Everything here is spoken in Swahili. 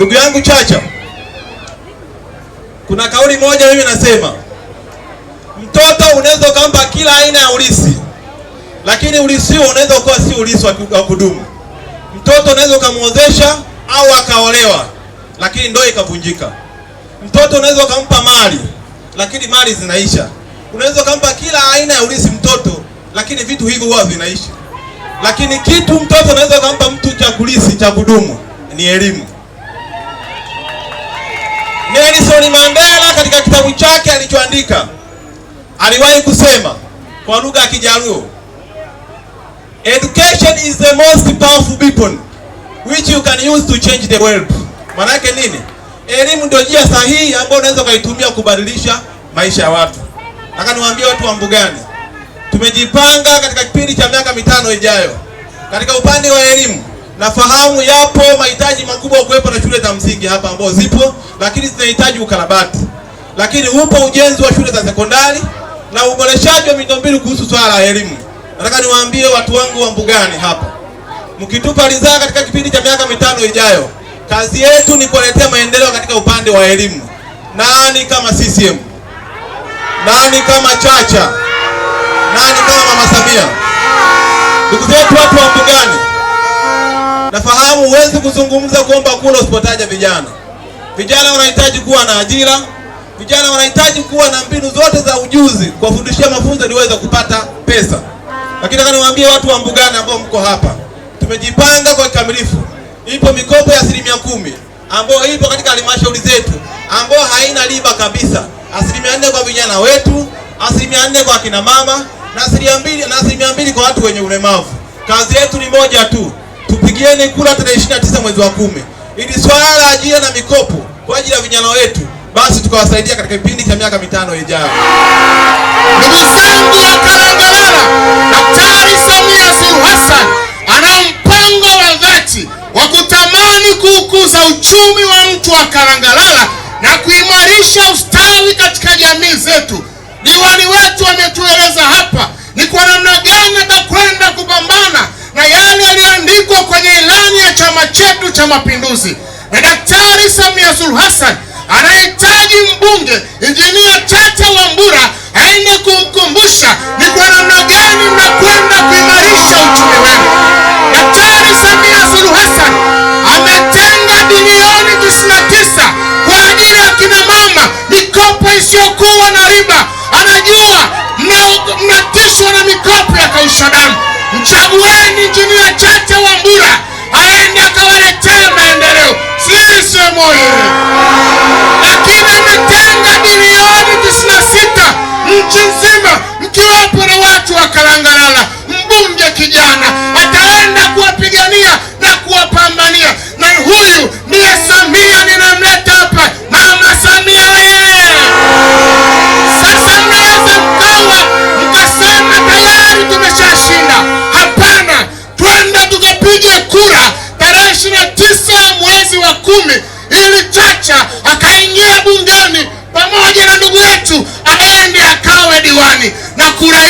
Ndugu yangu Chacha, kuna kauli moja mimi nasema, mtoto unaweza ukampa kila aina ya ulisi, lakini ulisi huo unaweza ukawa si ulisi wa kudumu. Mtoto unaweza ukamwozesha au akaolewa, lakini ndoa ikavunjika. Mtoto unaweza ukampa mali, lakini mali zinaisha. Unaweza ukampa kila aina ya ulisi mtoto, lakini vitu hivyo huwa vinaisha. Lakini kitu mtoto unaweza ukampa mtu cha kulisi cha kudumu ni elimu. Nelson Mandela katika kitabu chake alichoandika aliwahi kusema kwa lugha ya Kijaluo, education is the most powerful weapon which you can use to change the world. Maana yake nini? Elimu ndio njia sahihi ambayo unaweza ukaitumia kubadilisha maisha ya watu. Nataka niwaambie watu wa Mbugani, tumejipanga katika kipindi cha miaka mitano ijayo katika upande wa elimu Nafahamu yapo mahitaji makubwa kuwepo na shule za msingi hapa ambao zipo, lakini zinahitaji ukarabati, lakini upo ujenzi wa shule za sekondari na uboreshaji wa miundombinu. Kuhusu swala la elimu, nataka niwaambie watu wangu wa Mbugani hapa, mkitupa ridhaa katika kipindi cha miaka mitano ijayo, kazi yetu ni kuwaletea maendeleo katika upande wa elimu. Nani kama CCM? Nani kama Chacha? Nani kama Mama Samia? Ndugu zetu watu wa Mbugani Nafahamu huwezi kuzungumza kuomba kula usipotaja vijana. Vijana wanahitaji kuwa na ajira, vijana wanahitaji kuwa na mbinu zote za ujuzi, kuwafundishia mafunzo niweza kupata pesa. Lakini nataka niwaambie watu wa Mbugani ambao mko hapa, tumejipanga kwa kikamilifu. Ipo mikopo ya asilimia kumi ambayo ipo katika halmashauri zetu ambayo haina riba kabisa, asilimia nne kwa vijana wetu, asilimia nne kwa kina mama na asilimia mbili kwa watu wenye ulemavu. Kazi yetu ni moja tu Pigieni kura tarehe 29 mwezi wa kumi, ili swala la ajira na mikopo kwa ajili ya vijana wetu basi tukawasaidia katika kipindi cha miaka mitano ijayo. Ndugu zangu wa Kalangalala, Daktari Samia Suluhu Hassan ana mpango wa dhati wa kutamani kuukuza uchumi wa mtu wa karangalala na kuimarisha ustawi katika jamii zetu. Diwani wetu ametueleza cha Mapinduzi na Daktari Samia Suluhu Hassan anahitaji mbunge Injinia Chacha Wambura aende kumkumbusha ni kwa namna gani mnakwenda kuimarisha uchumi wenu. Daktari Samia Suluhu Hassan ametenga bilioni 99 kwa ajili ya kina mama, mikopo isiyokuwa na riba. Anajua mnatishwa na mikopo ya kausha damu. Mchagueni Injinia Chacha Wambura. kijana, ataenda kuwapigania na kuwapambania. Na huyu ndiye Samia ninamleta hapa, Mama Samia wee. Sasa mnaweza mkawa mkasema tayari tumeshashinda. Hapana, twenda tukapige kura tarehe ishirini na tisa mwezi wa kumi ili Chacha akaingia bungeni pamoja na ndugu yetu aende akawe diwani na kura